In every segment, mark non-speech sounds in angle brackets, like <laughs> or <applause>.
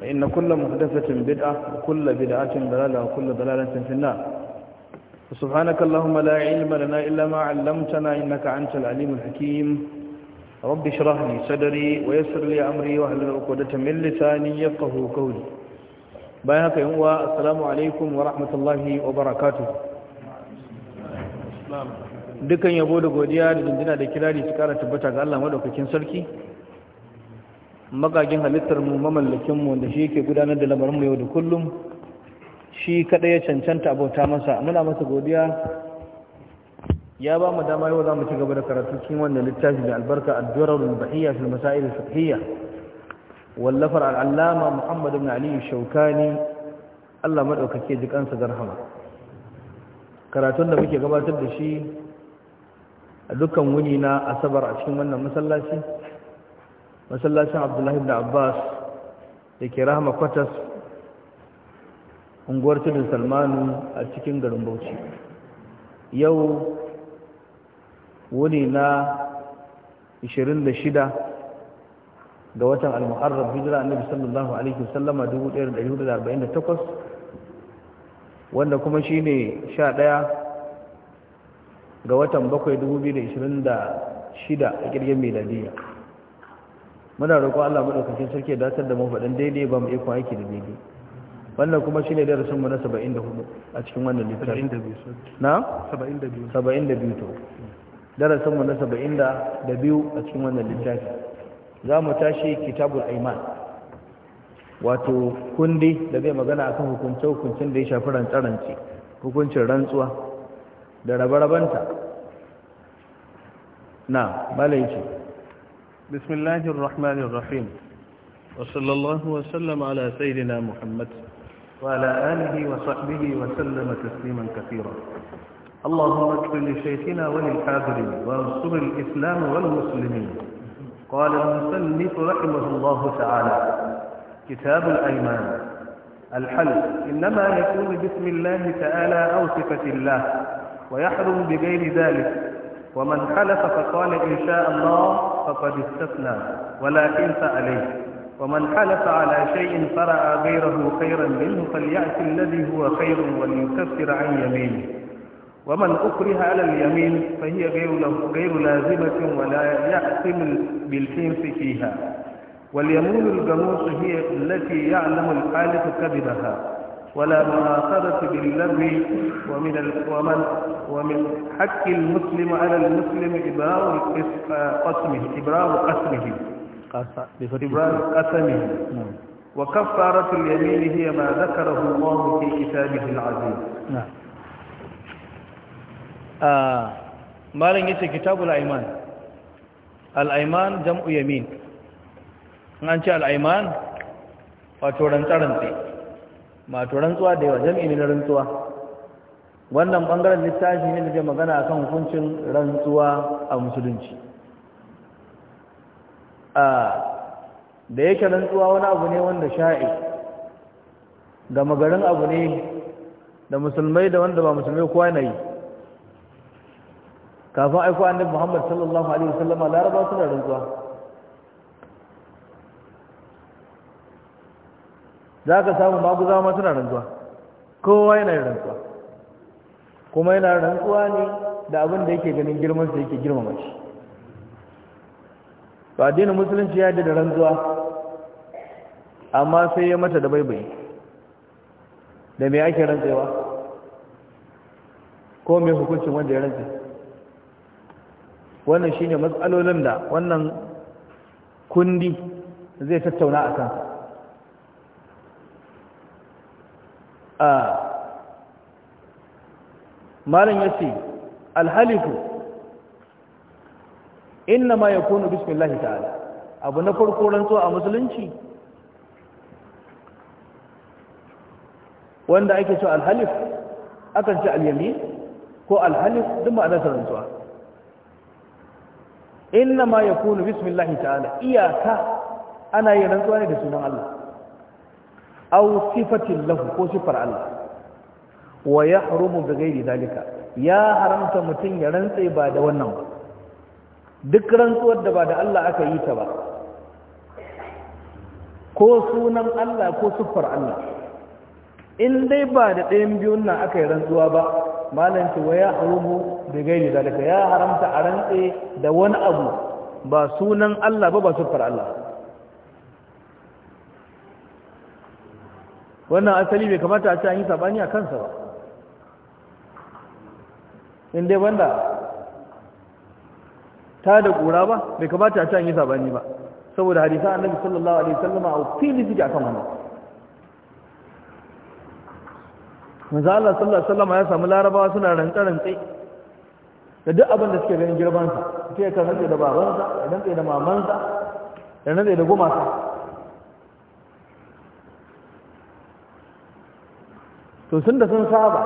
فإن كل محدثة بدعة وكل بدعة ضلالة وكل ضلالة في النار سبحانك اللهم لا علم لنا إلا ما علمتنا إنك أنت العليم الحكيم رب اشرح لي صدري ويسر لي أمري واحلل عقدة من لساني يفقهوا قولي بينك يوم السلام عليكم ورحمة الله وبركاته dukan yabo da godiya da dindina da kirari su kara tabbata ga Allah madaukakin sarki magagin halittar mu mamallakin mu wanda shi yake gudanar da lamarin mu yau da kullum shi kada ya cancanta abota masa muna masa godiya ya ba mu dama yau za mu ci gaba da karatu cikin wannan littafi da albarka ad-durarul bahiyya fil masail al-fiqhiyya wallafar al-allama Muhammad ibn Ali Shawkani Allah madaukake ji kansa garhama karatun da muke gabatar da shi a dukkan wuni na asabar a cikin wannan masallaci masallacin abdullahi da abbas da ke rahama kwatas unguwar tudun salmanu a cikin garin bauchi yau wuni na 26 ga watan al-muharram hijira annabi sallallahu alaihi wasallama 1448 wanda kuma shine 11 ga watan 7 2026 a kirgin miladiyya muna roƙon Allah madaukakin sarki da datar da mu faɗin daidai ba mu iko aiki da daidai wannan kuma shine darasin mu na 74 a cikin wannan littafi na 72 72 to darasin mu na 72 a cikin wannan littafi za mu tashi kitabul aiman wato kundi da zai magana akan hukunce hukuncin da ya shafi rantsarance hukuncin rantsuwa da rabarabanta na malayci بسم الله الرحمن الرحيم وصلى الله وسلم على سيدنا محمد وعلى آله وصحبه وسلم تسليما كثيرا اللهم اغفر لشيخنا وللحاضرين وانصر الإسلام والمسلمين قال المسلم رحمه الله تعالى كتاب الأيمان الحلف إنما يكون باسم الله تعالى أو صفة الله ويحرم بغير ذلك ومن حلف فقال إن شاء الله فقد استثنى ولا إنس عليه ومن حلف على شيء فرأى غيره خيرا منه فليأت الذي هو خير وليكفر عن يمينه ومن أكره على اليمين فهي غير, غير لازمة ولا يأثم بالحنس فيها واليمين الجموس هي التي يعلم الحالف كذبها ولا مناقضة باللغو ومن ومن ومن حق المسلم على المسلم إبراء قسمه إبراء قسمه إبراء قسمه نعم. وكفارة اليمين هي ما ذكره الله في كتابه العزيز نعم آه. ما لن يتي كتاب الأيمان الأيمان جمع يمين نعم، أنت الأيمان وتورن ترنتي mato rantsuwa da yawa jami'i na rantsuwa wannan bangaren littafi ne da ke magana a kan hukuncin rantsuwa a musulunci a da yake rantsuwa wani abu ne wanda sha'i gama garin abu ne da musulmai da wanda ba musulmai kowa na yi kafin aiko annabi muhammad sallallahu alaihi wasallama laraba suna rantsuwa za ka samu maguza ma suna rantsuwa kowa yana rantsuwa kuma yana rantsuwa ne da abin da yake ganin girman sa yake girmama shi ba dina musulunci ya da rantsuwa amma sai ya mata da baibai da me ake rantsewa ko mai hukuncin wanda ya rantse wannan shine matsalolin da wannan kundi zai tattauna a kansa a malam ya ce alhalifu inna ma ya kunu bismillahi ta'ala abu na farko rantsuwa a musulunci wanda ake so alhalif akan ce alyami ko alhalif duk ma'anarsa rantsuwa inna ma ya kunu bismillahi ta'ala iyaka ana yin rantsuwa ne da sunan Allah aw sifatin lahu ko sifar Allah wa yahrumu bi ghairi dalika ya haramta mutun ya rantsa ba da wannan ba duk rantsuwar da ba da Allah aka yi ta ba ko sunan Allah ko sifar Allah in dai ba da ɗayan biyun nan aka yi rantsuwa ba malam ce wa yahrumu bi ghairi dalika ya haramta a rantsa da wani abu ba sunan Allah ba ba sifar Allah wannan asali bai kamata a ce an yi sabani a kansa ba in dai ta da ƙura ba bai kamata a ce an yi sabani ba saboda hadisa annabi sallallahu alaihi wasallam a fili suke akan wannan manzo Allah sallallahu alaihi wasallam ya samu larabawa suna rantsa-rantsai da duk abin da suke ganin girbansa sai ya kan rantsa da babansa ya rantsa da mamansa ya rantsa da gumasa to sun da sun saba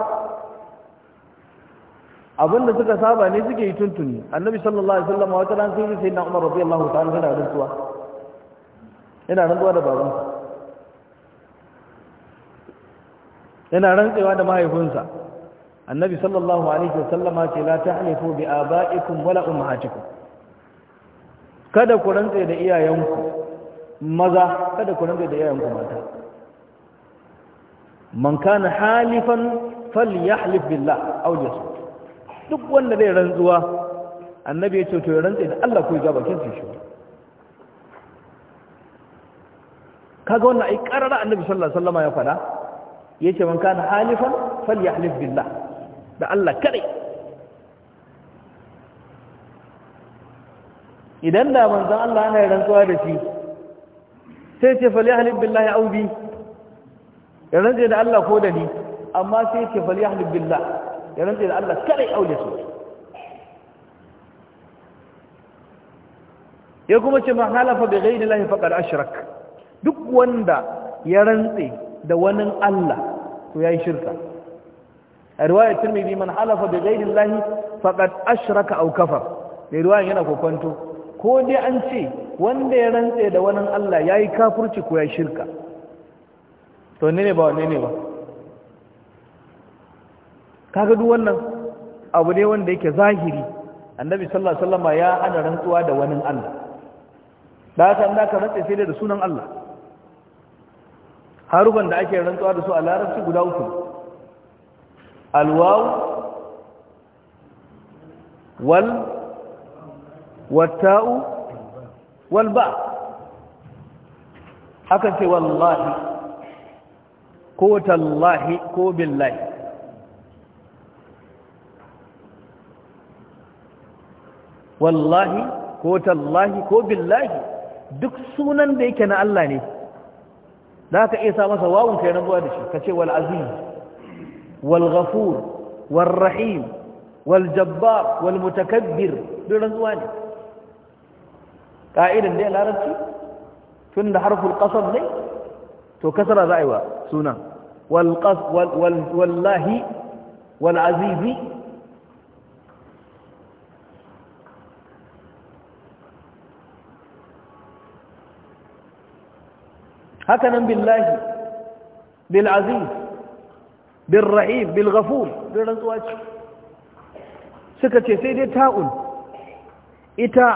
abinda suka saba ne suke yi tuntuni annabi sallallahu alaihi wasallam wata ran sai sai na Umar radiyallahu ta'ala yana rantsuwa yana rantsuwa da baban yana rantsuwa da mahaifinsa annabi sallallahu alaihi wasallam ce la tahlifu bi abaikum wala ummahatikum kada ku rantsa da iyayenku maza kada ku rantsa da iyayenku mata man kana halifan falyahlif billah aw yasmut duk wanda zai rantsuwa annabi ya ce to ya rantsa da Allah ko ya ga bakin shi kaga wannan ai karara annabi sallallahu alaihi wasallam ya fada yace man kana halifan falyahlif billah da Allah kare idan da manzon Allah yana rantsuwa da shi sai ce falyahlif billahi aw bi ya rantse da Allah ko da ni amma sai ce bal yahlib billah ya rantse da Allah kada aure su ya kuma ce man halafa bi ghayri llahi faqad ashrak duk wanda ya rantse da wani Allah to yayi shirka a riwayar Tirmidhi man halafa bi ghayri llahi faqad ashraka aw kafar da riwayar yana kokonto ko dai an ce wanda ya rantse da wani Allah yayi kafirci ko yayi shirka to ne ne ba wanne ne ba kaga duk wannan abu ne wanda yake zahiri annabi sallallahu alaihi wasallam ya hana rantsuwa da wani Allah da haka da ka rantsa sai da sunan Allah haruban da ake rantsuwa da su a larabci guda uku alwaw wal wata'u wal ba akan ce wallahi ko tallahi ko billahi wallahi ko tallahi ko billahi duk sunan da yake na Allah ne za ka iya sa masa wawun kai nan da shi ka ce wal aziz walrahim, ghafur wal rahim wal jabbar wal mutakabbir duk zuwa ne larabci tun da harful qasab ne to kasara za a yi wa sunan wallahi wal'azizi haka nan billahi bil'aziz bilrahim bilghafur don rantsuwa ce suka ce sai dai ta'un ita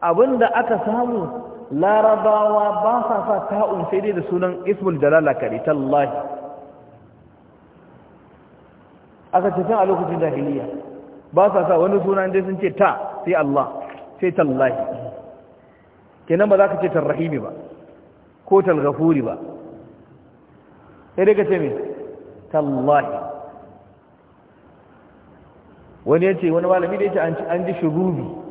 abinda aka samu larabawa ba sa sa ta'un sai dai da sunan ismul jalala kare tallahi aka ce can a lokacin jahiliya ba sa sa wani suna dai sun ce ta sai Allah sai tallahi kenan ba za ka ce tarrahimi ba ko talgafuri ba sai dai ka ce me tallahi wani ya ce wani malami da ya ce an ji shirubi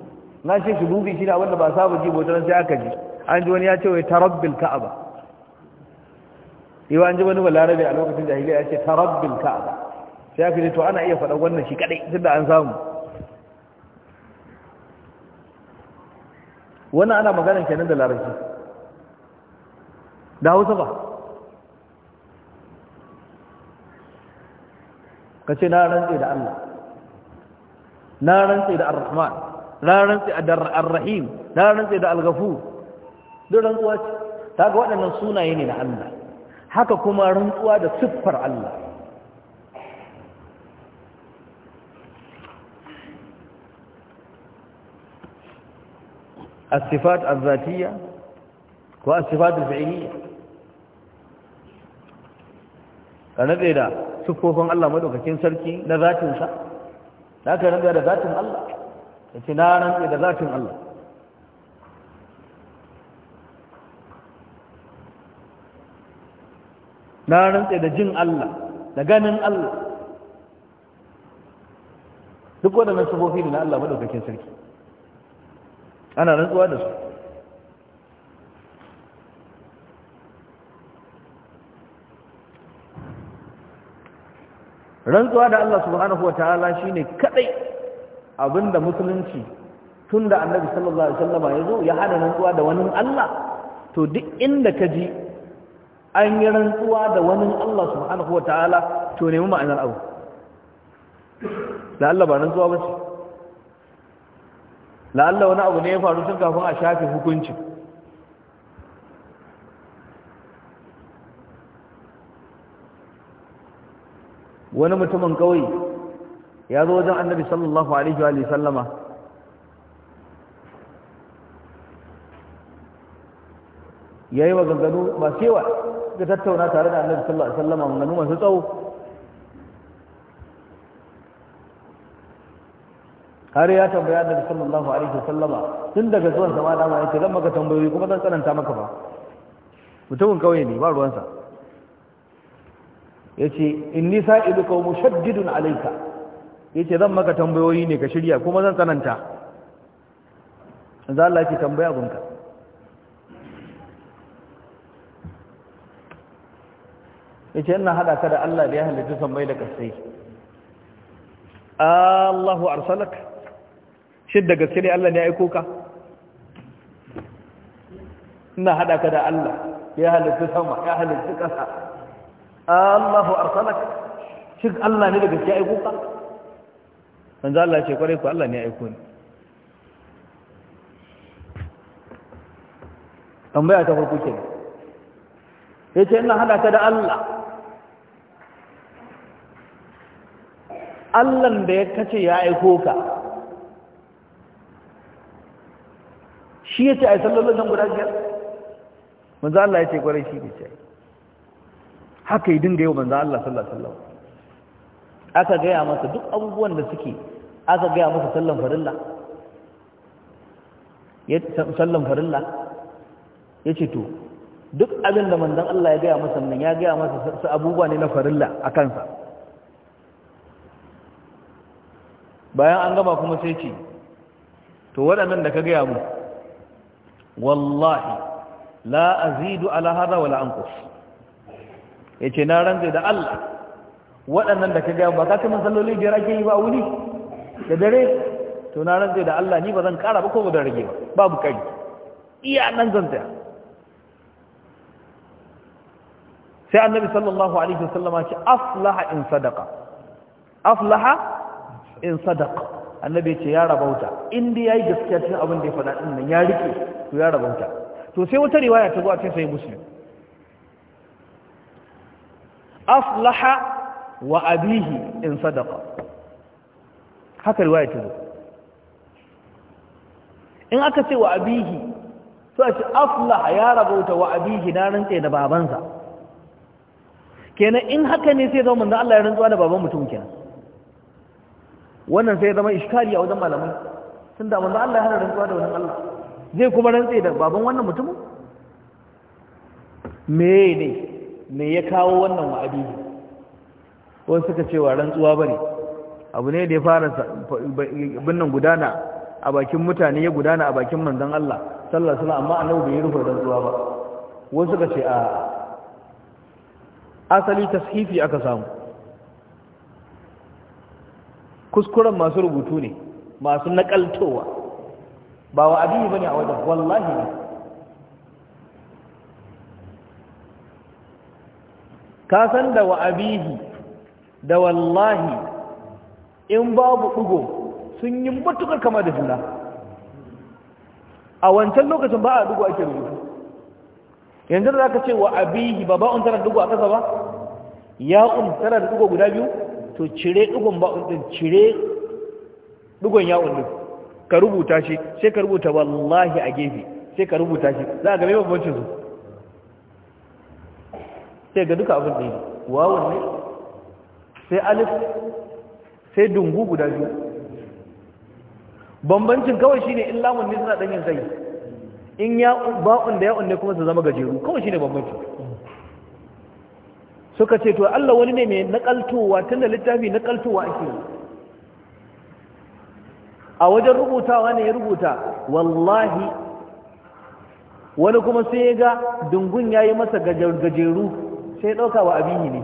na ce shububi shi ne abinda ba saba ji bautar sai aka ji an ji wani ya ce wai tarabbil ka'aba yau an ji wani balarabe a lokacin jahiliya ya ce tarabbil ka'aba sai aka ji to ana iya faɗa wannan shi kaɗai da an samu wannan ana magana kenan da larabci da hausa ba ka ce na rantse da Allah na rantse da ar na a da ar-rahim na rantsi da al-ghafur duk rantsuwa ce ga waɗannan sunaye ne na Allah haka kuma rantsuwa da siffar Allah as-sifat az-zatiyya wa Ka sifat da siffofin Allah madaukakin sarki na zatinsa ka nan da zatin Allah ya ce na rantse da zatin Allah na rantse da jin Allah da ganin Allah duk waɗannan sufofi ne na Allah maɗaukakin sarki ana rantsuwa da su rantsuwa da Allah subhanahu wa ta'ala shine kadai abinda musulunci tun da annabi sallallahu alaihi wasallama ya zo ya hada rantsuwa da wani Allah to duk inda ka ji an yi rantsuwa da wani Allah subhanahu wa ta'ala to nemi ma'anar abu da Allah ba rantsuwa ba ce la Allah wani abu ne ya faru tun kafin a shafe hukunci. wani mutumin kawai ya zo wajen annabi sallallahu alaihi wa sallama ya yi wa ganganu masu yawa ga tattauna tare da annabi sallallahu alaihi wa sallama ganganu masu tsawo har ya tambaya annabi sallallahu alaihi wasallama tun daga zuwan sama da ma yace zan maka tambayoyi kuma zan tsananta maka ba mutumin kauye ne ba ruwansa ya yace inni sa'iluka mushaddidun alaika. yace zan maka tambayoyi ne ka shirya kuma zan tsananta za Allah ya tambaya abunka yace ina hada ka da Allah da ya halitta sammai da kasai Allahu arsalak da gaske ne Allah ne ya aiko ka ina hada ka da Allah ya halitta sama ya halitta kasa Allahu arsalak shi Allah ne da gaske ya aiko ka manzo Allah ce kwarai ku Allah ne ya aiko ni tambaya ta farko ya yace ina hada ka da Allah Allah da ya kace ya aiko ka shi ya ce a alaihi guda biyar manzo Allah ya ce kwarai shi ke ce haka yi dinga yau manzo Allah sallallahu alaihi wasallam aka gaya masa duk abubuwan da suke aka gaya masa sallan farilla ya sallan farilla ya ce to duk abin da manzan Allah ya gaya masa nan ya gaya masa su abubuwa ne na farilla a kansa bayan an gama kuma sai ce to waɗannan da ka gaya mu wallahi la azidu ala hada wala anqus yace na ranzai da Allah waɗannan da ka gaya ba ka kuma salloli biyar ake yi ba wuni da dare to na rantsa da Allah ni ba zan kara ba ko ba zan rage ba babu kari iya nan zan tsaya sai annabi sallallahu alaihi wasallama ce aflaha in sadaqa aflaha in sadaqa annabi ce ya rabauta in dai yayi gaskiya cikin abin da ya faɗa din nan ya rike to ya rabauta to sai wata riwaya ta zo a cikin sahih muslim aflaha wa abihi in sadaqa haka riwaya ta zo in aka ce wa abihi so a ce aflaha ya rabauta wa abihi na rantse da babansa kenan in haka ne sai zama manzo Allah ya rantsuwa da baban mutum kenan wannan sai zama iskari a wajen malamai tun da manzo Allah ya hana rantsuwa da wannan Allah zai kuma rantse da baban wannan mutum? me ne me ya kawo wannan wa abihi wani suka cewa rantsuwa bane abu ne da ya fara binnan gudana a bakin mutane ya gudana a bakin manzan Allah sallallahu alaihi amma annabi bai rufe zuwa ba wasu suka ce a asali tashifi aka samu kuskuren masu rubutu ne masu nakaltowa ba wa ba bane a wajen wallahi ne ka san da wa abihi da wallahi in babu ɗugo sun yi matuƙar kama da juna a wancan lokacin ba a ɗugo ake rubutu yanzu da za ka ce wa abihi ba ba'un tana ɗugo a ƙasa ba ya'un tana da ɗugo guda biyu to cire ɗugon ba'un ɗin cire ɗugon ya'un ɗin ka rubuta shi sai ka rubuta wallahi a gefe sai ka rubuta shi za a game babbancin su sai ga duka abin ɗin wawon ne sai alif sai dungu guda biyu bambancin kawai shine in lamun ne suna yin sai in ya ba'un da ya unne kuma su zama gajeru kawai shine bambancin suka ce to Allah wani ne mai nakaltowa tunda littafi nakaltowa ake a wajen rubutawa ne ya rubuta wallahi wani kuma sai ya ga dungun yayi masa gajeru sai ya dauka wa abin ne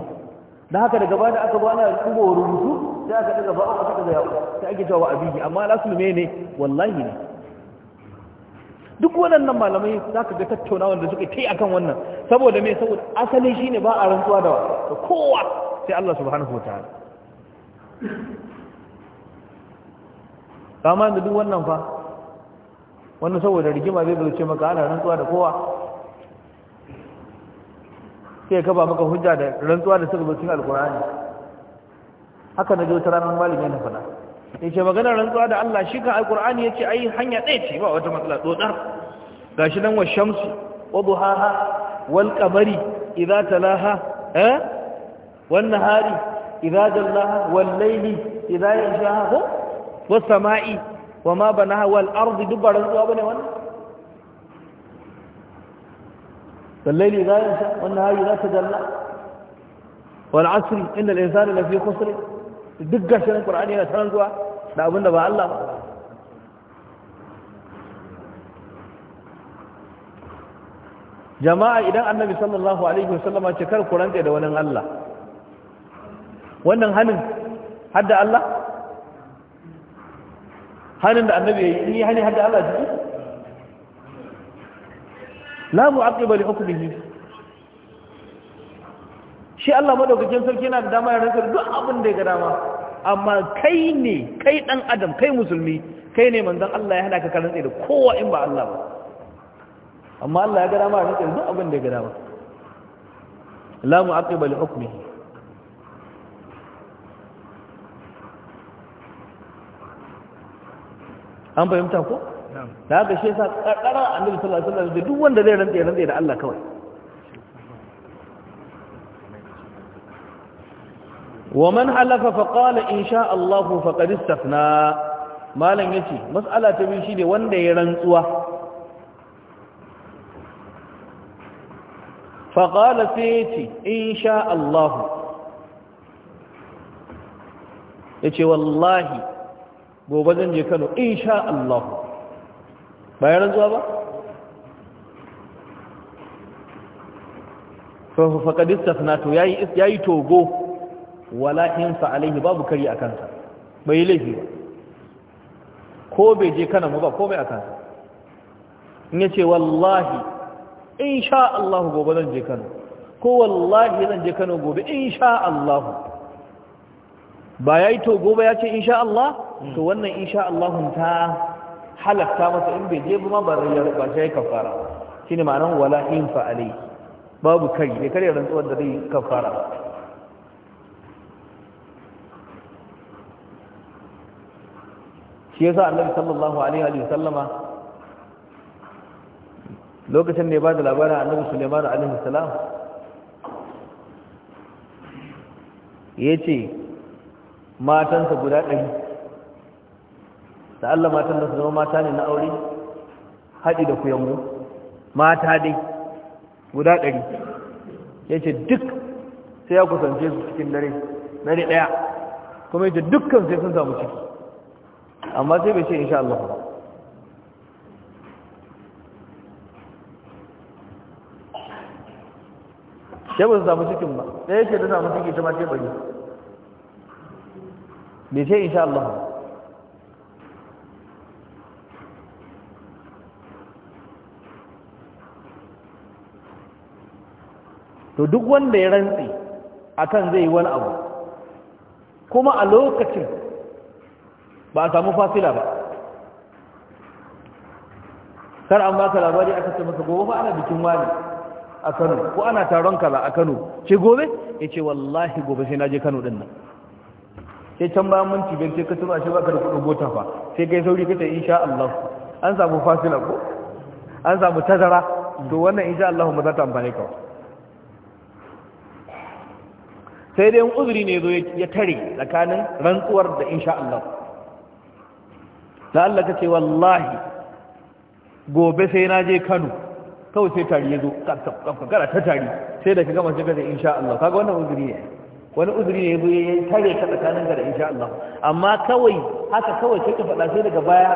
dan haka daga bada da aka ba ana rubutu sai aka daga ba aka daga ya'u sai ake cewa biyu amma lasul ne wallahi ne duk waɗannan malamai za ka ga tattaunawa wanda suka kai akan wannan saboda me saboda asali shi ne ba a rantsuwa da kowa sai Allah subhanahu wataala kama da duk wannan fa wannan saboda rigima zai zo ce maka ana rantsuwa da kowa sai ka ba maka hujja da rantsuwa da suka bacin alkurani haka na jota ranar malami na faɗa ya ce maganar rantsuwa da Allah shi kan alkur'ani ya ce ai hanya ɗaya ce ba wata matsala tsotsar ga shi nan wa shamsu wa duhaha wal kamari idza talaha eh wan nahari idza jallaha wal layli idza yanshaha ko was sama'i wa ma banaha wal ardi dubaran zuwa bane wannan wal layli idza yansha wan nahari idza tajalla wal asri innal insana lafi khusr duk gashin qur'ani yana taran zuwa da abinda da ba Allah ba jama'a idan annabi sallallahu alaihi wasallama ce kar ku rantse da wannan Allah wannan hanin hadda Allah hanin da annabi yayi ni hani hadda Allah ji la mu'aqiba li hukmihi shi Allah madaukakin sarki yana da dama ya rantsa duk abin da ya ga dama amma kai ne kai dan adam kai musulmi kai ne manzon Allah ya hada ka tsaye da kowa in ba Allah ba amma Allah ya gada ma a rantsa duk abin da ya gada ba la mu'aqiba li hukmihi an fahimta ko da haka shi yasa karkara annabi sallallahu alaihi wasallam duk wanda zai rantsa ya rantsa da Allah kawai ومن حلف فقال ان شاء الله فقد استثنى مالن yace mas'ala ta bi wanda ya rantsuwa فقال سيتي ان شاء الله yace wallahi gobe zan je kano in sha Allah ba ya rantsuwa ba fa faqad istafnatu yayi yayi togo wala insa alaihi babu kari a kansa bai yi laifi ba ko bai je kana mu ba ko bai a kansa in ya ce wallahi in sha Allah gobe zan je kano ko wallahi zan je kano gobe in sha Allah ba ya yi to gobe ya ce in sha Allah hmm. to wannan in sha Allah ta halatta masa in bai je ba ba ya yi kafara shi ne ma'anar wala in fa'alai babu kari bai kare rantsuwar da zai kafara shi yasa annabi sallallahu alaihi wa sallama lokacin da ya bada labarin annabi Sulaiman alaihi salam yace matan sa guda ɗari da Allah matan da su zama mata ne na aure haɗi da kuyangu mata dai guda ɗari yace duk sai ya kusance su cikin dare dare ɗaya kuma yace dukkan sai sun samu ciki amma sai bai ce insha Allah ba sai ba su samu cikin ba ɗaya ce ta samu ciki ta mace bari bai ce insha Allah ba to duk wanda ya rantsi akan zai yi wani abu kuma a lokacin ba a samu fasila ba kar an baka labari aka ce masa gobe ba ana bikin wani a Kano ko ana taron kaza a Kano ce gobe yace wallahi gobe sai naje Kano din nan sai can bayan mun cibiyar sai ka tura shi baka da kudin gota fa sai kai sauri kace insha Allah an samu fasila ko an samu tazara to wannan insha Allah mu za ta amfane ka sai dai uzuri ne zo ya tare tsakanin rantsuwar da insha Allah da Allah ka ce wallahi gobe sai na je Kano kawai sai tari ya zo kankara ta tari sai da ka gama shiga da insha Allah kaga wannan uzuri ne wani uzuri ne ya tare ka tsakanin ka da insha Allah amma kawai haka kawai sai ka faɗa sai daga baya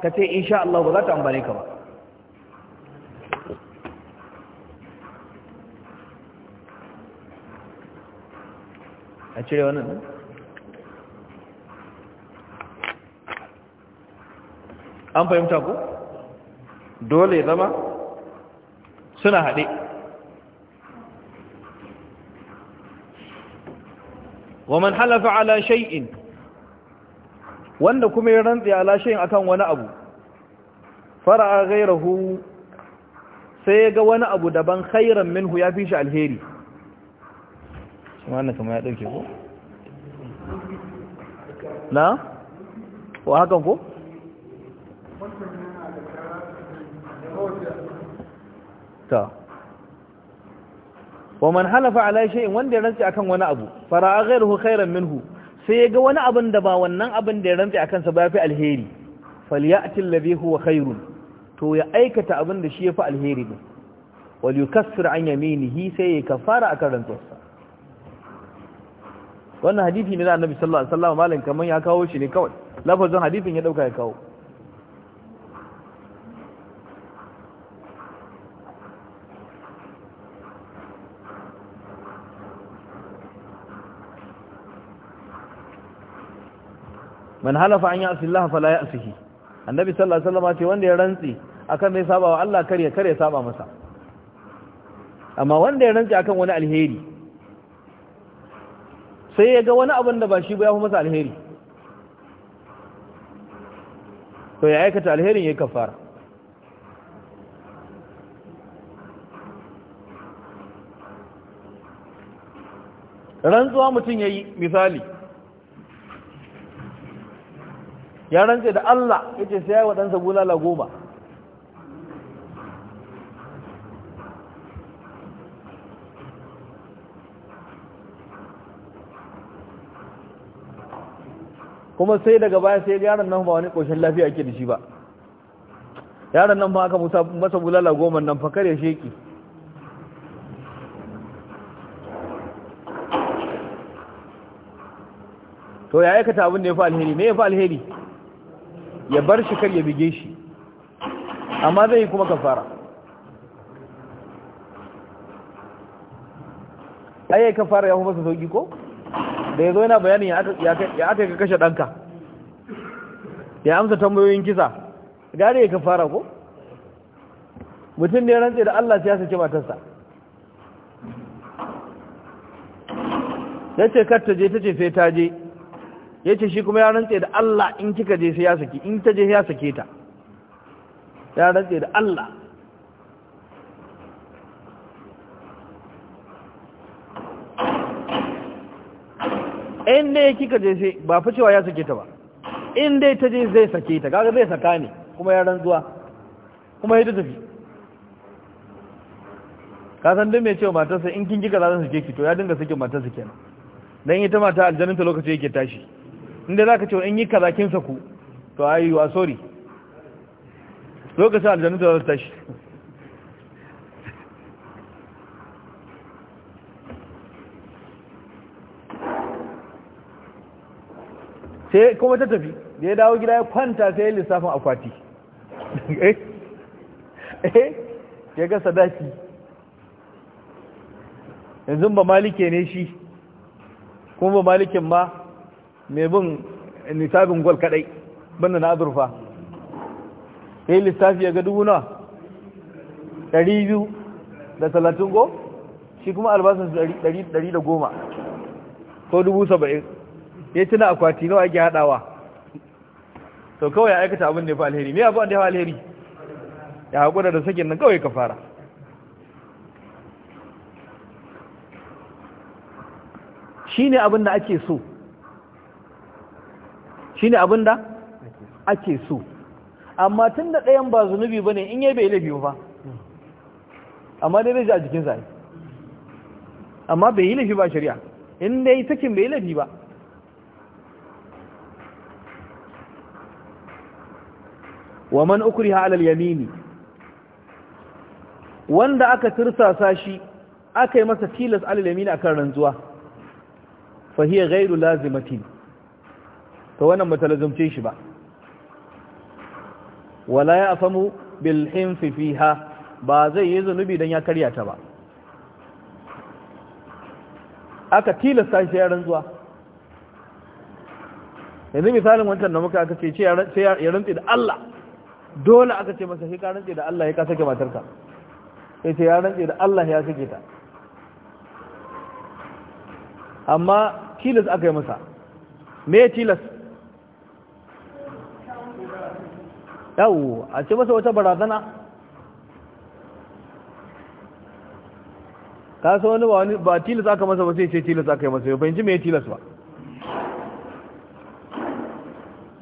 ka ce insha Allah ba za ta ambare ka ba a cire wannan an fahimta ku dole zama suna haɗe wa man halafa ala shay'in wanda kuma ya rantsi ala shay'in akan wani abu fara'a ghairahu sai ya ga wani abu daban khairan minhu ya fi shi alheri wannan kuma ya dauke ko na wa hakan ko ta wa man halafa ala shay'in wanda ya rantsi akan wani abu fara'a ghayruhu khairan minhu sai ya ga wani abin da ba wannan abin da ya rantsi akan sa ba fi alheri falyati alladhi huwa khairun to ya aikata abin da shi yafi alheri din wal yukaffir an yaminihi sai ya kafara akan rantsuwarsa wannan hadisi ne da Annabi sallallahu alaihi wasallam malam kaman ya kawo shi ne kawai lafazin hadisin ya dauka ya kawo man halafa an ya'si Allah fala ya'sihi annabi sallallahu alaihi wasallam ce wanda ya rantsi akan mai saba wa Allah kare kare saba masa amma wanda ya rantsi akan wani alheri sai ya ga wani abin da ba shi ba ya fi masa alheri to ya aikata alherin ya yi kafara rantsuwa mutum ya yi misali ya rantse da Allah ya ce sai yayi wadansa bulala goma kuma sai daga baya sai yaron nan ba wani ƙoshin lafiya ake da shi ba yaron nan ba aka masa bulala goma nan fa ya sheki to ya aikata abin da ya fi alheri me ya fi alheri ya bar shi kar ya bige shi amma zai yi kuma kafara ayyai kafara ya fi masa sauki ko da ya zo yana bayanin ya aka ka kashe ɗanka ya amsa tambayoyin kisa gari ya kafara ko mutum ne rantse da Allah ya sace matarsa ya ce kar ta je ta ce sai ta je ya ce shi kuma ya rantse da Allah in kika je sai ya saki in ta je ya sake ta ya rantse da Allah in dai kika je sai ba fi cewa ya sake ta ba in dai ta je zai sake ta gaga zai saka ne kuma ya rantsuwa kuma ya tafi ka san duk mai cewa matarsa in kin kika za ta sake ki to ya dinga sake matarsa kenan dan ita mata aljanin ta lokaci yake tashi inda za ka ce in yi kazakinsa ku. saku to ayi wa sorry lokacin aljanu da zata shi sai kuma ta tafi da ya dawo gida ya kwanta sai lissafin akwati <laughs> eh eh ya ga sadaki yanzu ba malike ne shi kuma ba malikin ma mai bin nisabin gwal kadai banda na azurfa ya yi lissafi ya ga dubu na Dari biyu da talatin ko shi kuma albasan su ɗari da goma ko dubu saba'in ya na akwati nawa ake haɗawa to kawai ya aikata abin da ya fi alheri me abu da ya fi alheri ya haƙura da sakin nan kawai ka fara shi ne abin da ake so ne abin da ake so amma tun da ɗayan ba zunubi ba ne in yi bai laifin ba amma dai zai ji a jikinsa zai amma bai yi laifi ba shari'a in dai sakin bai yi laifi ba wa man ukriha alal yamini wanda aka tirsasa shi aka yi masa tilas alal yamini kan ranzuwa fahiyar gairu ghairu lazimatin to wannan ba talazumce shi ba wala ya afamu bil hinfi fiha ba zai yi zunubi dan ya karya ta ba aka tilasta shi ya rantsuwa yanzu misalin wancan da muka aka ce ya rantsi da Allah dole aka ce masa shi ka rantsi da Allah ya ka sake matarka sai ce ya rantsi da Allah ya sake ta amma tilas aka yi masa me tilas yawo a ce masa wata barazana ta so wani ba wani tilas aka masa ba sai ce tilas aka yi masa yau fahimci mai tilas ba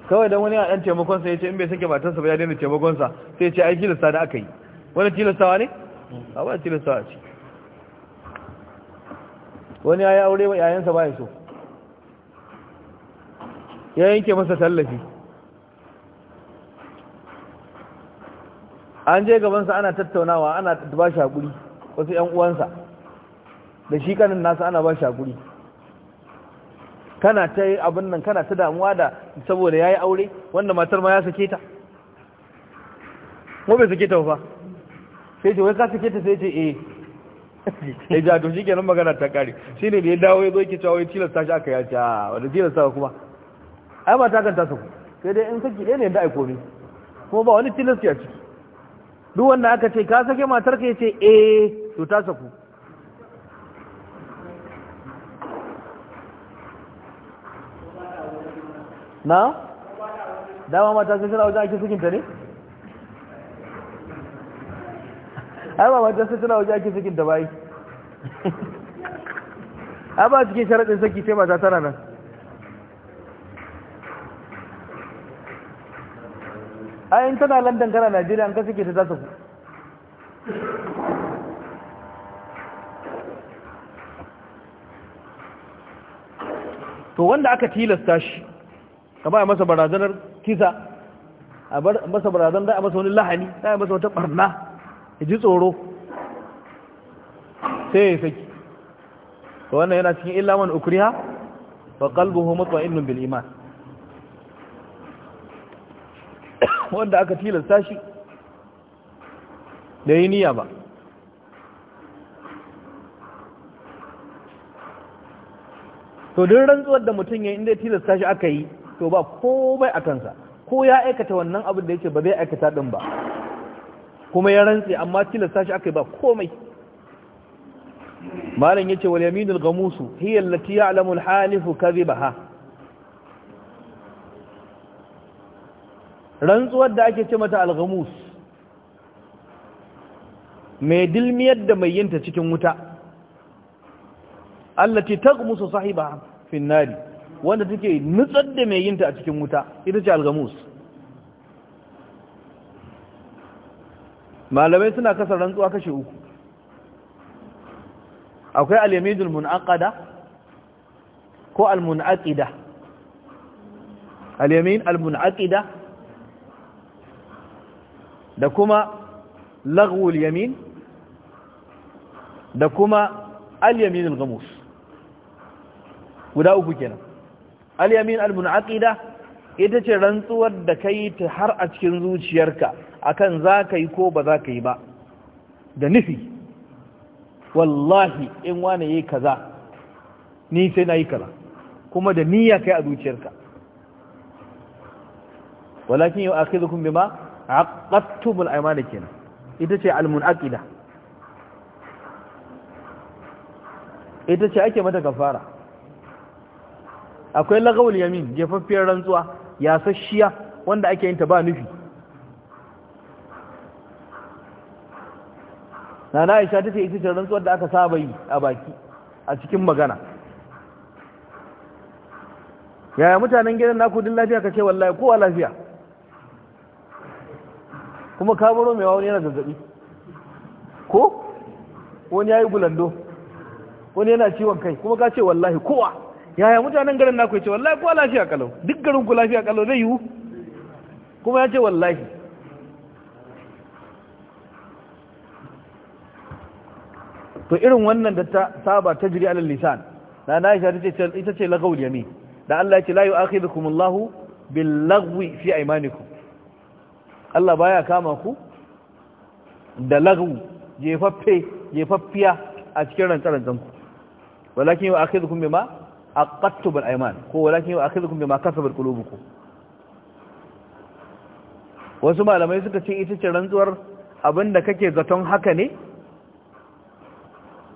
kawai don wani ɗan taimakonsa ya ce in bai sake matarsa ba ya daina taimakonsa sai ce ai tilasta da aka yi wani tilastawa ne? a ba tilastawa ce wani ya yi aure ba yayansa ba ya so ya yanke masa tallafi an je gabansa ana tattaunawa ana ba shi haƙuri wasu 'yan uwansa da shi kanin nasa ana ba shi haƙuri kana ta yi abin nan kana ta damuwa da saboda ya yi aure wanda matar ma ya sake ta ko bai sake ta ba sai ce wai ka sake ta sai ce eh ya ja to shi kenan magana ta kare shi ne da ya dawo ya zo yake cewa wai tilasta shi aka yace a wanda tilasta kuma ai mata kan ta saku sai dai in saki ɗaya ne da ai komai kuma ba wani tilasta ya ciki duk wanda aka ce ka sake matar ka yace eh to ta saku na dama mata sun shira wajen ake sukinta ne ai ba mata sun shira wajen ake sukinta bai <laughs> ai ba cikin sharaɗin saki sai mata tana nan a in kana london kana najeriya an kasu ke ta zasu to wanda aka tilasta shi ka ba masa barazanar kisa a masa barazan da a masa wani lahani da a masa wata barna ya ji tsoro sai ya saki to wannan yana cikin illaman ukriha wa qalbuhu mutma'innun bil iman <coughs> wanda aka tilasta shi da yi niyya ba to duk rantsuwar da mutum ya inda tilasta shi aka yi to ba komai a kansa ko ya aikata wannan abin da yake ba zai aikata din ba kuma ya rantsi amma tilasta shi aka yi ba komai malam yace wal yaminul ghamus hiya allati ya'lamu al halifu kadhibaha rantsuwar da ake ce mata alghamus mai dilmiyar da mai yinta cikin wuta allati taghmusu sahiba fi nari wanda take nutsar da mai yinta a cikin wuta ita ce alghamus malamai suna kasar rantsuwa kashe uku akwai al-yaminul munaqada ko al-munaqida al-yamin al-munaqida da kuma lagwul yamin da kuma al al-gamus guda uku kenan al-yamin al-munaqida ita ce rantsuwar da kai ta har a cikin zuciyarka akan za ka yi ko ba za ka yi ba da nufi wallahi in wani yi kaza ni sai na yi kaza kuma da niyya kai a zuciyarka walakin yau bima aqattumul aymana kenan ita ce almunaqida ita ce ake mata kafara akwai lagawul yamin jefaffiyar rantsuwa sashiya wanda ake yin ta ba nufi nana aisha tace ita ce rantsuwar da aka saba yi a baki a cikin magana yaya mutanen gidan naku din lafiya kace wallahi kowa lafiya kuma ka baro mai wani yana zazzabi ko wani ya yi gulando wani yana ciwon kai kuma ka ce wallahi kowa yaya mutanen garin na ya ce wallahi kowa lafiya kalau duk garin ku lafiya kalau zai yiwu kuma ya ce wallahi to irin wannan da ta saba ta jiri alal lisan na na isa ita ce lagawul yami da Allah ya ce la yu'akhidhukum Allahu bil lagwi fi aymanikum Allah baya kama ku da lagu jefaffe jefaffiya a cikin rantsarantsan ku walakin yau zukun bima a al aiman ko walakin yau zukun bima kasabat ku. wasu malamai suka ce ita ce rantsuwar abinda kake zaton haka ne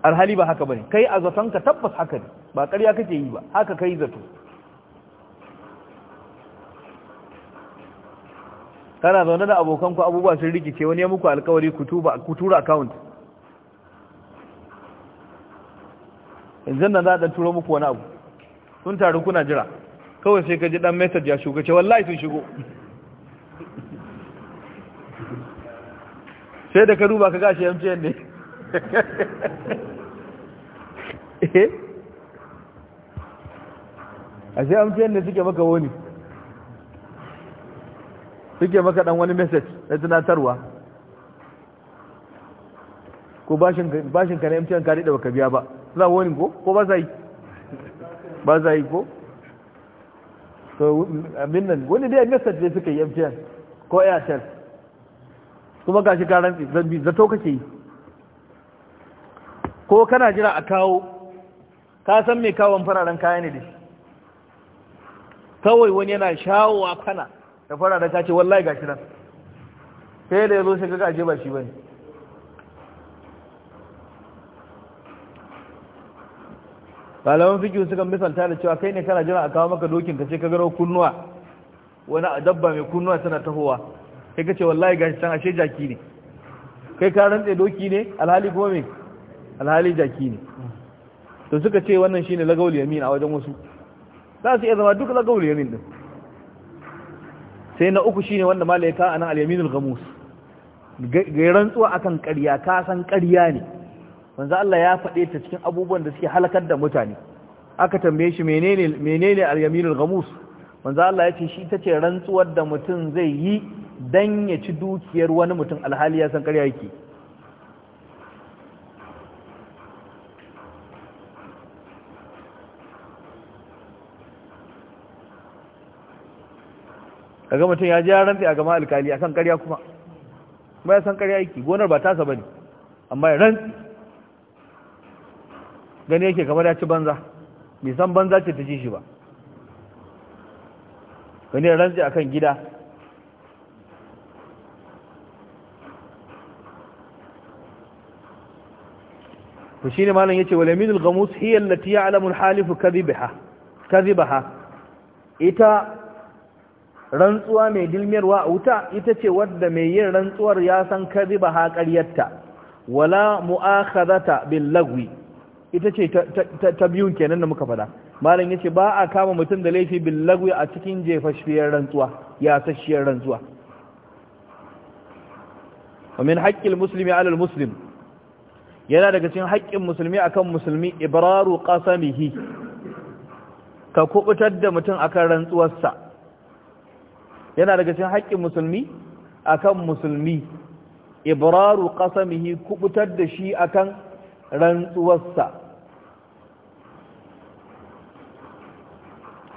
alhali ba haka bane kai a zaton ka tabbas haka ne ba ƙarya kake yi ba haka kai zato kana zaune da abokanku abubuwa sun rikice wani ya muku alkawari ku tura account yanzu nan za a ɗan turo muku wani abu sun taru kuna jira kawai sai ka ji dan message ya shugo ce wallahi sun shigo sai da ka duba ka gashi mtn ne a sai mtn ne suke maka wani suke maka dan wani message na tunatarwa ko bashin ka na mtn kari da baka biya ba za wani ko ko ba za yi ba za yi ko so abin nan wani dai message ne suka yi mtn ko airtel kuma gashi ka karan zambi zato kake yi ko kana jira a kawo ka san mai kawon fararen kayan ne da shi kawai wani yana shawo a kana da fara da kace wallahi gashi nan sai da yazo shi kaga aje ba shi bane malaman fikiyu suka misalta da cewa kai ne kana jira a kawo maka dokin ka ce ka garo kunnuwa wani dabba mai kunnuwa tana tahowa kai ka ce wallahi gashi san ashe jaki ne kai ka rantse doki ne alhali kuma me alhali jaki ne to suka ce wannan shine lagawul yamin a wajen wasu za su iya zama duk lagawul yamin din sai na uku shine wanda ka anan al-yaminul ghamus gairan tsuwa akan ƙarya ka san ƙarya ne wanda Allah ya faɗe ta cikin abubuwan da suke halakar da mutane aka tambaye shi menene menene al-yaminul ghamus wanda Allah ya ce shi tace rantsuwar da mutum zai yi dan ya ci dukiyar wani mutum alhali ya san ƙarya yake kaga mutum ya ji ya rantsi a gama alkali kan karya kuma ba ya san karya aiki gonar ba tasa ne, amma ya rantsi gani yake kamar ya ci banza bai san banza ce ta ji shi ba Gani ya rantsi kan gida to shine malam yace wal yaminul ghamus hiya allati ya'lamu al halifu kadhibaha kadhibaha ita rantsuwa mai dilmirwa a wuta ita ce wadda mai yin rantsuwar ya san kaziba ha ƙaryarta wala mu'akhadhata bil lagwi ita ce ta biyun kenan da muka fada malam yace ba a kama mutum da laifi bil lagwi a cikin jefashiyar rantsuwa ya sashiyar rantsuwa wa min haqqil muslimi 'ala al muslim yana daga cikin haƙƙin musulmi akan musulmi ibraru qasamihi ka kubutar da mutum akan rantsuwarsa yana daga cikin haƙƙin musulmi akan musulmi ibraru qasamihi kubutar da shi akan rantsuwarsa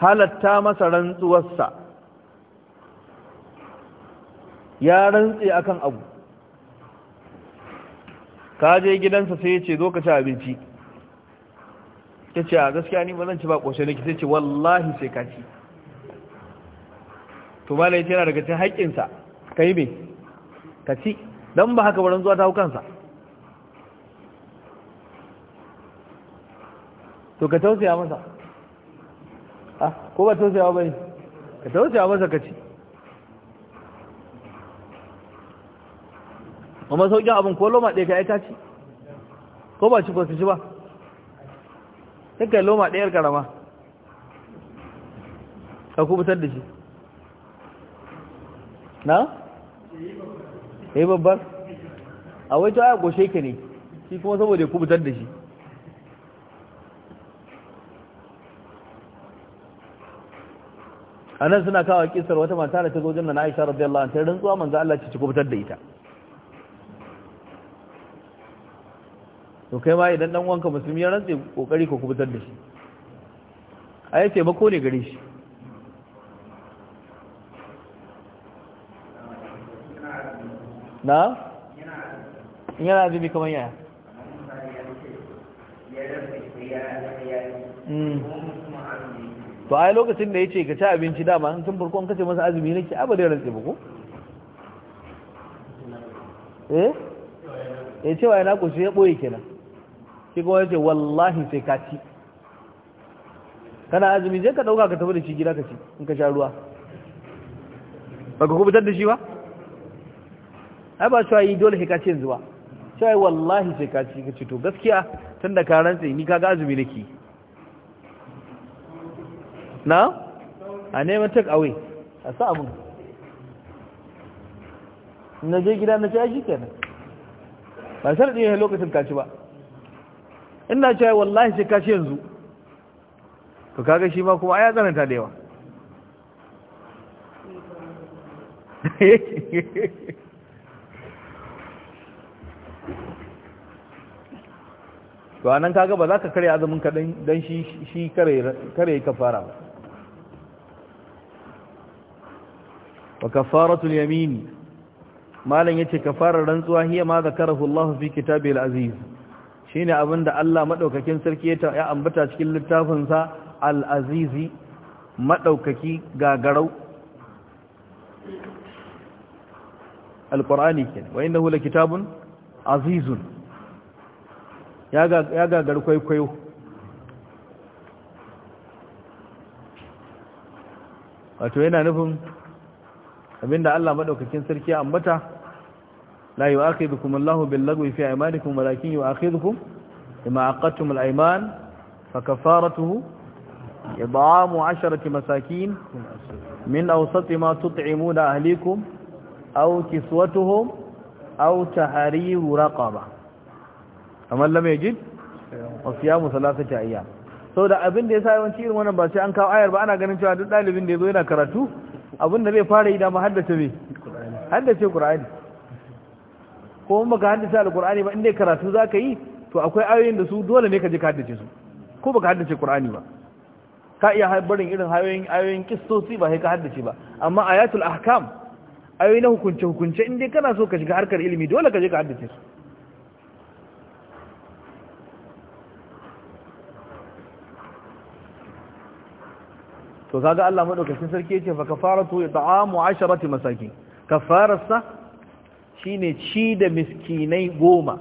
halatta masa rantsuwarsa ya rantse akan abu ka je gidansa sai ya ce zo ka ci abinci ta ce a gaskiya ni ba zan ci ba ƙoshe ne ki sai ce wallahi sai ka ci to malai yana daga cikin haƙƙinsa ka yi ka ci don ba haka baran zuwa ta hukansa to ka tausaya masa ah, ko ba tausaya ba ne ka tausaya masa ka ci amma sauƙin abin ko loma ɗaya ka yi ta ci ko ba ci ko su ci ba sai kai loma ɗayar ƙarama ka kubutar da shi na? ya eh, yi babbar a wai ta goshe ka ne shi kuma saboda ya kubutar da shi a nan suna kawo kisar wata mata da ta zojin da na aisha radiyallahu anha ta zuwa manzan Allah ce ci kubutar da ita to kai ma idan ɗan wanka musulmi ya rantse kokari ko kubutar da shi ai ce mako ne gare shi na? yana azumi kamar yaya hmm. to ai lokacin da ya ce ka ci abinci dama tun farkon kace masa azumi nake abadai rantsi ba ko? eh? ya ce wa yana kusa ya ɓoye kenan shi kuma ya ce wallahi sai ka ci kana azumi je ka ɗauka ka tafi da shi gida ka ci in ka sha ruwa ba ka kubutar da shi ba? ai ba cewa yi dole sai ka ce yanzu ba sai wallahi sai ka ce to gaskiya tunda ka rantsa ni kaga azumi nake na a neman take away a sa abun na je gida na ci shi kenan ba sai da lokacin ka ci ba ina cewa wallahi sai ka ci yanzu to kaga shi ma kuma ya tsananta da yawa <laughs> to anan kaga ba za ka kare azumin ka dan shi shi kare kare kafara ba wa al yamin malan yace kafarar rantsuwa hiya ma zakarahu Allah fi kitabil aziz shine abinda Allah madaukakin sarki ya ambata cikin littafin sa al-azizi madaukaki gagarau al-qur'ani kin wa innahu kitabun azizun ya gagar kwaikwayo wato yana nufin abinda Allah maɗaukakin sarki ambata la yi wa ake zukumin lahu billagwai fi aimanikun walakin yi wa ake zukum ima aqattum al'aiman fa kafaratuhu idamu asharati masakin min awsati ma tut'imuna ahlikum au kiswatuhum aw tahriru raqaba kamar lam yajid wa siyamu salasati ayyam da abin da sa yawanci irin wannan ba sai an kawo ayar ba ana ganin cewa duk dalibin da yazo yana karatu abin da zai fara yi da ma haddace me haddace qur'ani ko in baka haddace alqur'ani ba in karatu zaka yi to akwai ayoyin da su dole ne ka je ka haddace su ko baka haddace qur'ani ba ka iya barin irin ayoyin ayoyin kissosi ba sai ka haddace ba amma ayatul ahkam ayoyi na hukunce hukunce in dai kana so ka shiga harkar ilimi dole ka je ka haddace su to kaga Allah madaukakin sarki yace fa kafaratu it'amu 'asharati masakin kafarasa shine ci da miskinai goma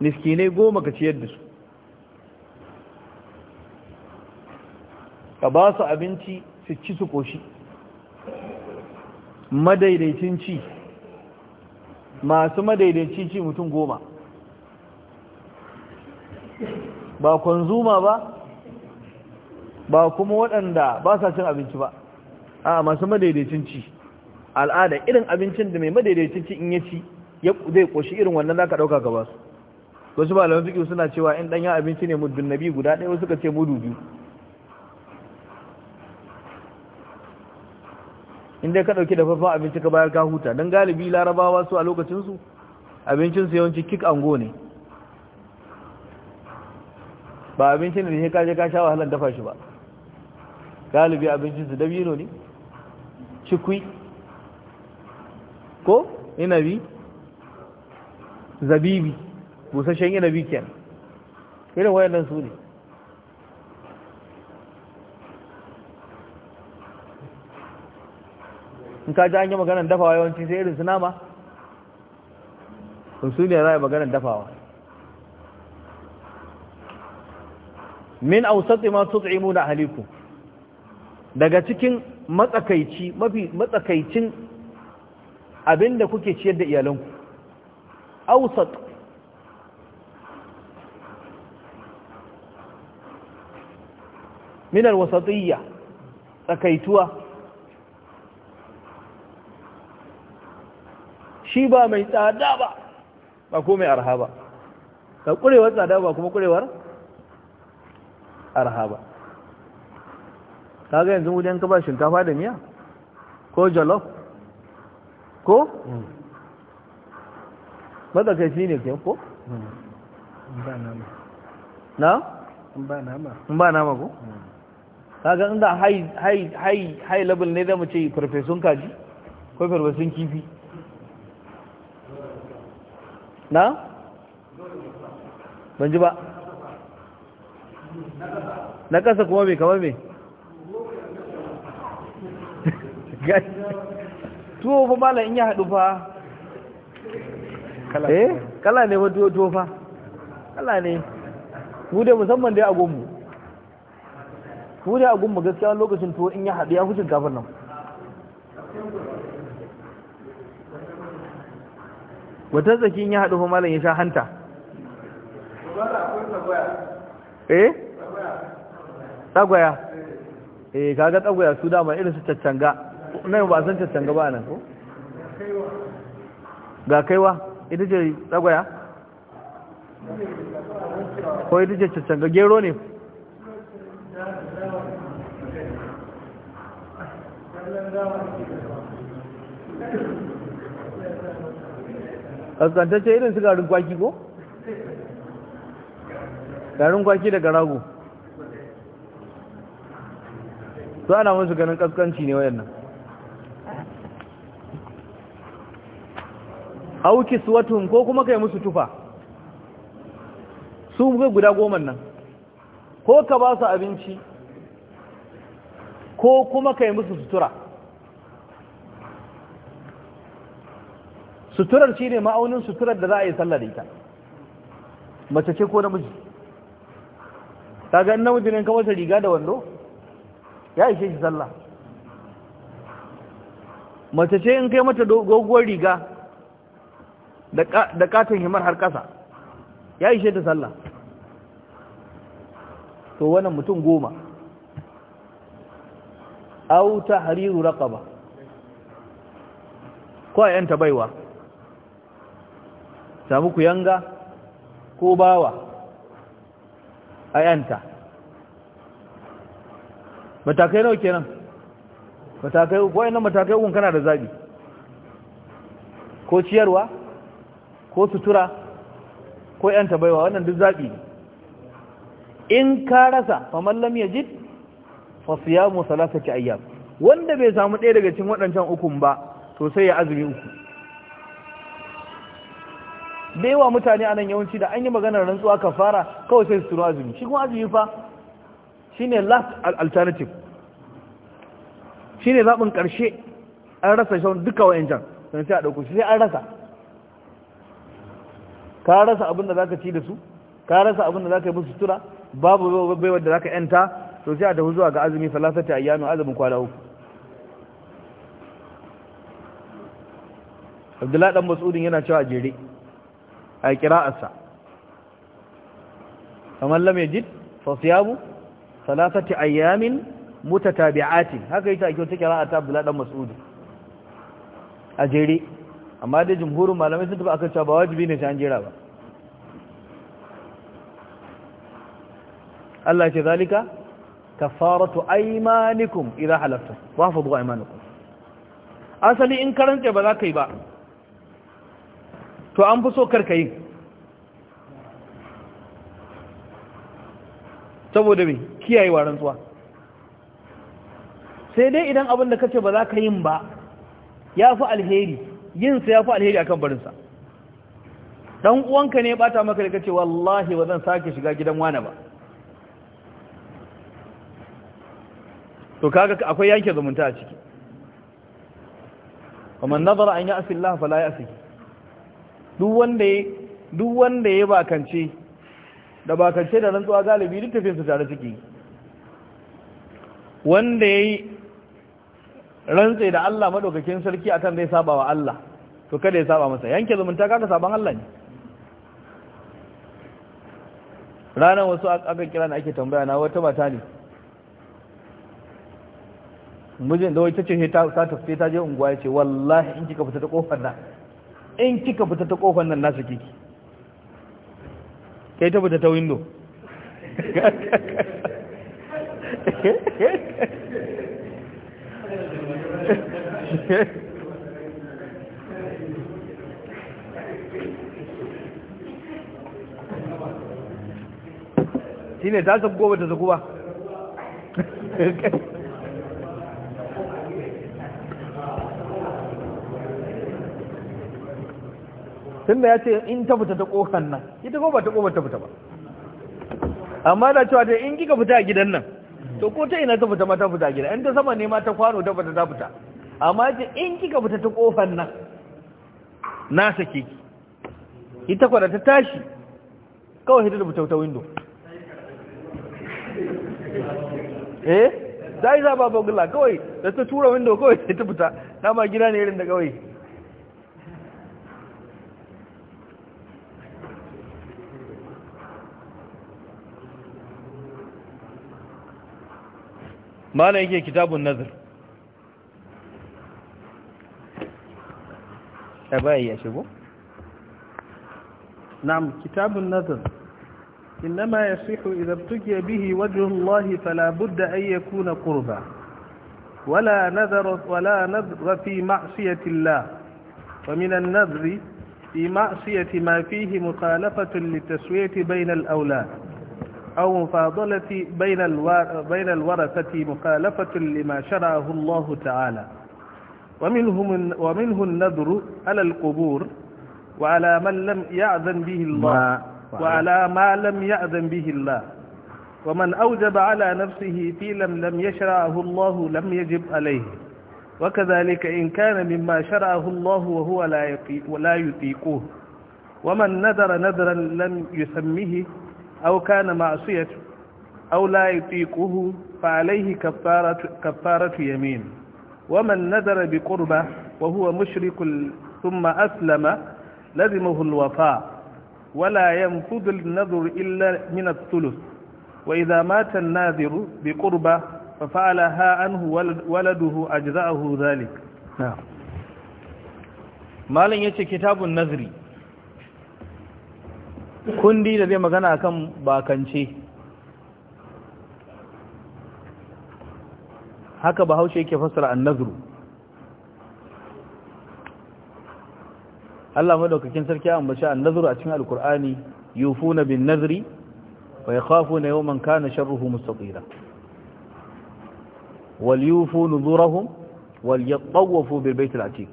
miskinai goma ka ciyar da su ka ba su abinci su ci su koshi madaidaicin ci masu madaidaicin ci mutum goma ba kwanzuma ba ba kuma waɗanda ba sa cin abinci ba a masu madaidaicin ci al'ada irin abincin da mai madaidaicin ci in ya ci zai ƙoshi irin wannan zaka ɗauka gaba su wasu lamar fiƙi suna cewa in ɗanyen abinci ne muddin nabi guda ɗaya wasu ka ce mudu biyu in dai ka ɗauki dafaffen abinci ka bayar ka huta don galibi larabawa su a lokacinsu abincinsu yawanci kik ango ne ba abincin da ne ka je ka sha wahalar dafa shi ba galibi abincinsu dabino ne cikwi ko inabi zabibi busashen inabi kenan irin wayannan su ne in ka ji an yi maganar dafawa yawanci sai irin su nama su ne za a yi maganar dafawa min ausatti ma tut'imu na ahlikum daga cikin matsakaici mafi matsakaicin abinda kuke ciyar da iyalanku ausat min alwasatiyya tsakaituwa shi ba mai tsada ba ba ko mai arha ba ka kurewar tsada ba kuma kurewar arha ba kaga yanzu wujen ka ba shinkafa da miya ko jalof ko mm. shi ne ke ko mm. na? ba nama ba nama ko? Mm. kaga inda high level ne zama ce farfesun kaji ko farfesun kifi na? ban ji ba na kasa kuma mai kama mai <laughs> tuwo fa mala in ya haɗu fa eh kala ne wa tuwo fa kala ne mu musamman dai a gonmu mu dai a gonmu gaskiya lokacin tuwo in ya haɗu ya fi shinkafar nan wata tsaki in ya haɗu fa malam ya sha hanta eh tsagwaya eh kaga tsagwaya su dama irin su caccanga nan ba san cancanga ba nan ko ga kaiwa ita ce tsagwaya ko ita ce cancanga gero ne ce irin su garin kwaki ko? garin kwaki da garagu su ana musu ganin kaskanci ne wayannan auki suwatun ko kuma kai musu tufa su guda goma nan ko ka ba su abinci ko kuma kai musu sutura suturar shi ne ma'aunin suturar da za a yi sallar ita mace ce ko namiji ta ga namiji ne kawai riga da wando ya ishe shi sallah mace ce in kai mata doguwar riga da katon himar har ƙasa ya ishe ta sallah to wannan mutum goma au ta hariru raƙaba ko a yanta baiwa samu ku yanga ko bawa a yanta matakai nawa kenan matakai ko yana matakai ukun kana da zabi ko ciyarwa ko sutura ko yan baiwa wannan duk zaɓi in ka rasa faman lam yajid fa siyamu ki ayyam wanda bai samu ɗaya daga cikin waɗancan ukun ba to sai ya azumi uku da yawa mutane a nan yawanci da an yi maganar rantsuwa kafara kawai sai su azumi shi kuma azumi fa shine last alternative shine zabin ƙarshe an rasa shan duka wa'ancan don sai a dauko sai an rasa ka rasa abin da zaka ci da su ka rasa abin da zaka yi musu sutura babu baiwar da zaka yanta to sai a tafi zuwa ga azumi salasati ayyami azumin kwana uku Abdullahi dan Mas'udin yana cewa jere a kira'arsa kamar lam yajid fa siyamu salasati ayyamin mutatabi'atin haka yake a kyautar Abdullahi dan Mas'udin a jere amma dai jumhurin malamai sun tafi akan cewa ba wajibi ne sai an ba Allah ce zalika kafaratu aymanikum idza halaftum wa hafadhu aymanakum asali in karance ba za ka yi ba to an fi so karka yi saboda me kiyaye wa rantsuwa sai dai idan abin da kace ba za ka yin ba ya fi alheri yin sa yafi alheri akan barin sa dan uwanka ne ya bata maka da kace wallahi ba zan sake shiga gidan wani ba to kaga akwai yanke zumunta a ciki kuma nazara an ya'si Allah fala ya'si duk wanda duk wanda ya bakance da bakance da rantsuwa galibi duk sa tare ciki wanda yayi rantsai da Allah madaukakin sarki akan zai saba wa Allah to kada ya saba masa yanke zumunta kaga saban Allah ne ranar wasu aka kira na ake tambaya na wata mata ne mijin da wata ce ta tafi ta je unguwa ya ce wallahi in kika fita ta kofar nan in kika fita ta kofar nan nasu kiki kai ta fita ta window <laughs> <laughs> <laughs> shi ne ta zagu ta ba <laughs> tun da ya ce in ta fita ta ƙofan nan ita ko ta ƙofar ta fita ba amma da cewa in kika fita a gidan nan to ko ta ina ta fita ma ta fita a gidan in ta sama ne ma ta kwano ta fita ta fita amma ce in kika fita ta kofar nan na sake ki ita kwada ta tashi kawai hita da fita ta window eh za yi zaba bagula kawai da ta tura window kawai ta fita na ma gida ne irin da kawai malam yake kitabun nazar نعم كتاب ya إنما يصح إذا ابتغي به وجه الله فلا بد أن يكون قربا ولا نذر ولا نذر في معصية الله ومن النذر في معصية ما فيه مخالفة للتسوية بين الأولاد أو مفاضلة بين الورثة مخالفة لما شرعه الله تعالى ومنهم ومنه النذر على القبور وعلى من لم يأذن به الله وعلى ما لم يأذن به الله ومن أوجب على نفسه في لم يشرعه الله لم يجب عليه وكذلك إن كان مما شرعه الله وهو لا ولا يطيقه ومن نذر نذرا لم يسمه أو كان معصية أو لا يطيقه فعليه كفارة, كفارة يمين ومن نذر بقربة وهو مشرك ثم أسلم لزمه الوفاء ولا ينفذ النذر إلا من الثلث وإذا مات الناذر بقربة ففعلها عنه ولده أجزأه ذلك نعم لن يتي كتاب النذر كندي لذي مغانا كم akan haka bahaushe yake fassara annazru Allah madaukakin sarki ya ambaci annazru a cikin alkur'ani yufuna bin nazri wa yakhafuna yawman kana sharruhu mustatira wal yufu nuzurahum wal yatawafu bil bayt al atiq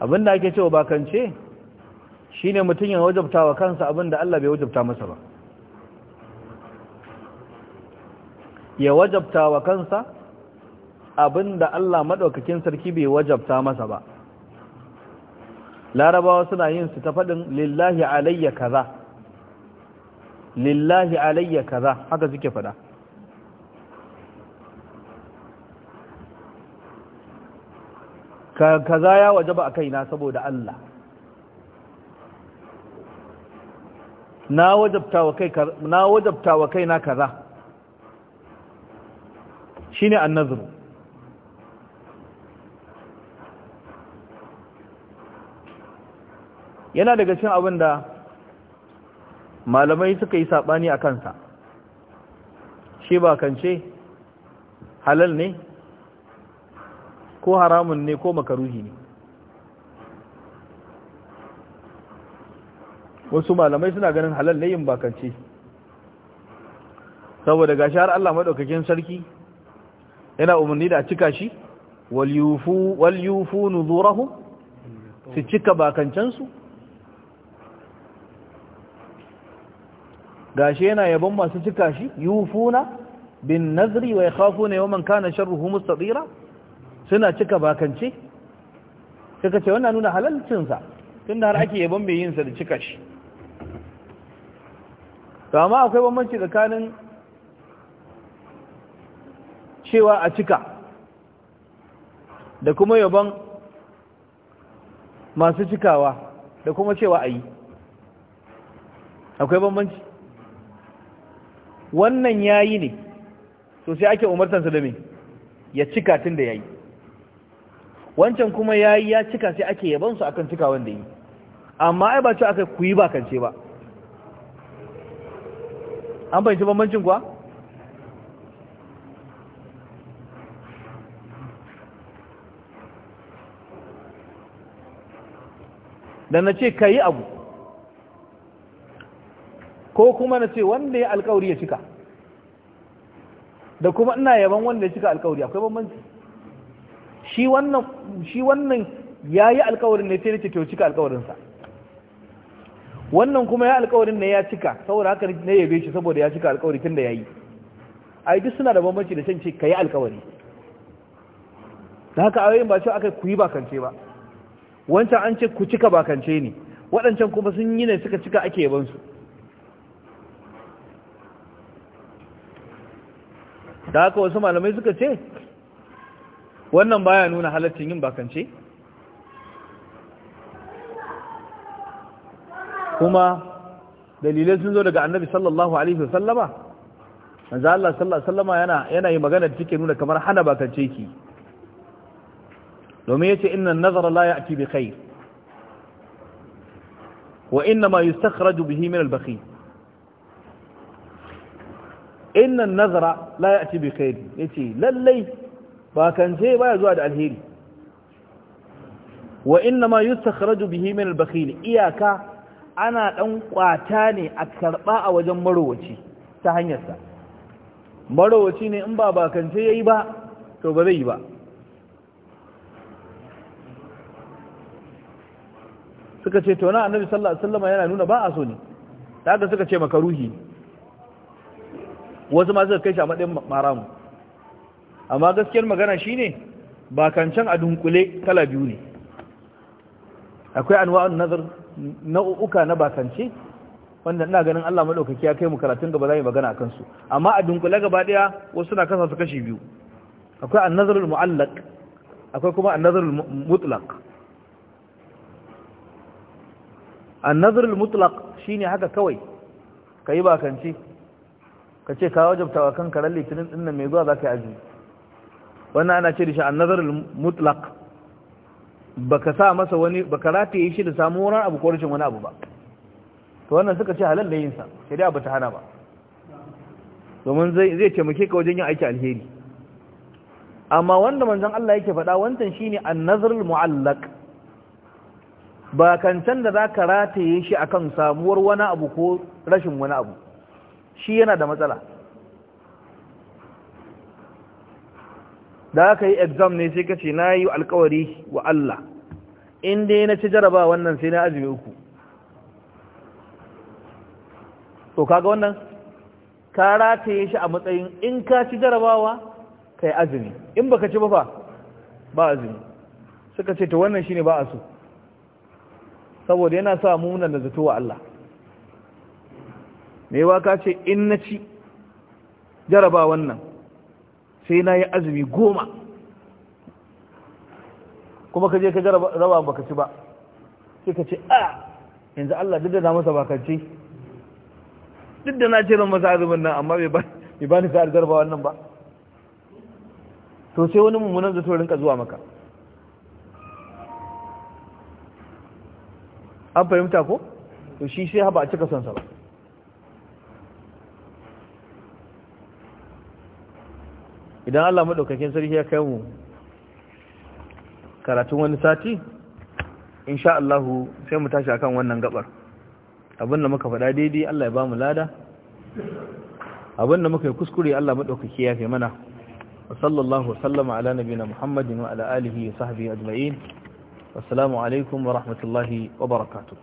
abinda ake cewa bakance shine mutun ya wajabta wa kansa abinda Allah bai wajabta masa ba ya wajabta wa kansa abinda Allah madaukakin sarki bai wajabta masa ba larabawa suna yin su ta faɗin lillahi alayya kaza lillahi alayya kaza haka suke faɗa kaza ya wajaba a kaina saboda Allah na wajabta wa kaina kaza Shi ne annazr yana daga cin abin da malamai suka yi saɓani a kansa shi ba kance halal ne ko haramun ne ko makaruhi ne wasu malamai suna ganin halal ne yin bakance saboda gashar Allah maɗaukakin sarki yana umarni da a cika shi wal yufu nuzurahum su cika bakancansu gashi yana yabon masu cika shi yufuna bin nazri wa ne yawman kana sharruhu mustatira suna cika bakance suka ce wannan nuna halalcin sa tunda har ake yabon mai yin sa da cika shi to amma akwai bambanci tsakanin cewa a cika da kuma yabon masu cikawa da kuma cewa a yi akwai bambanci wannan ya yi ne so sai ake umartansa da mai ya cika tun da ya yi wancan kuma ya yi ya cika sai ake yabansu akan cika wanda yi amma ai ba ce aka kuyi bakance ba an fahimci bambancin kuwa da na ce ka yi abu ko kuma na ce wanda ya alkawari ya cika da kuma ina yaban wanda ya cika alkawari akwai bambanci shi wannan ya yi alkawarin ne sai ce to cika alkawarinsa wannan kuma ya alkawarin ne ya cika saboda haka ne yabe shi saboda ya cika alkawari tun da ya yi ai duk suna da bambanci da shan ce ka yi alkawari da haka ayoyin ba cewa aka ku yi bakance ba wancan an ce ku cika bakance ne waɗancan kuma sun yi ne suka cika ake yabansu da haka wasu malamai suka ce wannan baya nuna halaccin yin bakance kuma dalilai sun zo daga annabi sallallahu alaihi wasallama manzo Allah sallallahu alaihi wasallama yana yana yi magana da take nuna kamar hana bakance ki domin ya yace inna nazara la ya'ti bi kai wa inna ma yi yustakhraju bihi min al-bakhil inna nazara la ya'ti bi ya ce lallai ba kan sai baya zuwa da alheri wa inna ma yi yustakhraju bihi min al-bakhil iyaka ana dan kwata ne a karba a wajen marowaci ta hanyarsa marowaci ne in ba ya yi ba to ba zai yi ba suka ce to na annabi sallallahu alaihi wasallam yana nuna ba a so ne haka suka ce makaruhi wasu ma suka kai shi a matsayin maramu amma gaskiyar magana shine ba kancan a dunkule kala biyu ne akwai anwa'un nazar na uka na bakance wanda ina ganin Allah madaukaki ya kai mu karatun gaba zai magana akan su amma a dunkule gaba daya wasu suna kasa su kashi biyu akwai an-nazarul mu'allaq akwai kuma an-nazarul mutlaq annazar mutlaq shine haka kawai ka yi bakanci ka ce ka wajabta wa kanka ran litinin din nan mai zuwa za ka yi azumi wannan ana ce da shi annazar mutlaq baka sa masa wani baka yi shi da samu wani abu ko rashin wani abu ba to wannan suka ce halal da yin sa shari'a bata hana ba domin zai zai taimake ka wajen yin aiki alheri amma wanda manzon Allah yake faɗa wancan shine annazar muallaq ba kancan da za ka rataye shi a kan samuwar wani abu ko rashin wani abu shi yana da matsala da aka yi exam ne sai ka ce na yi alkawari wa Allah in dai na ci jaraba wannan sai na azumi uku to kaga wannan ka rataye shi a matsayin in ka ci jarabawa ka yi azumi in baka ci ba ba azumi suka ce to wannan shine ba a so saboda yana sa munan da zato wa Allah mai waka ce in na ci jaraba wannan sai na yi azumi goma kuma ka je ka jaraba baka ci ba sai ka ce a yanzu Allah duk da na masa bakance duk da na ce zan masa azumin nan amma bai ba ni sa'ar jaraba wannan ba to sai wani mummunan zato rinka zuwa maka an fahimta ko to shi sai haba a cika sansa ba idan Allah madaukakin sarki ya kai mu karatun wani sati insha Allah sai mu tashi akan wannan gabar abin da muka faɗa daidai Allah ya ba mu lada abin da muka yi kuskure Allah maɗaukaki ya fi mana wa sallallahu sallama ala nabina muhammadin wa ala alihi wa sahbihi ajma'in wassalamu alaikum wa rahmatullahi wa barakatu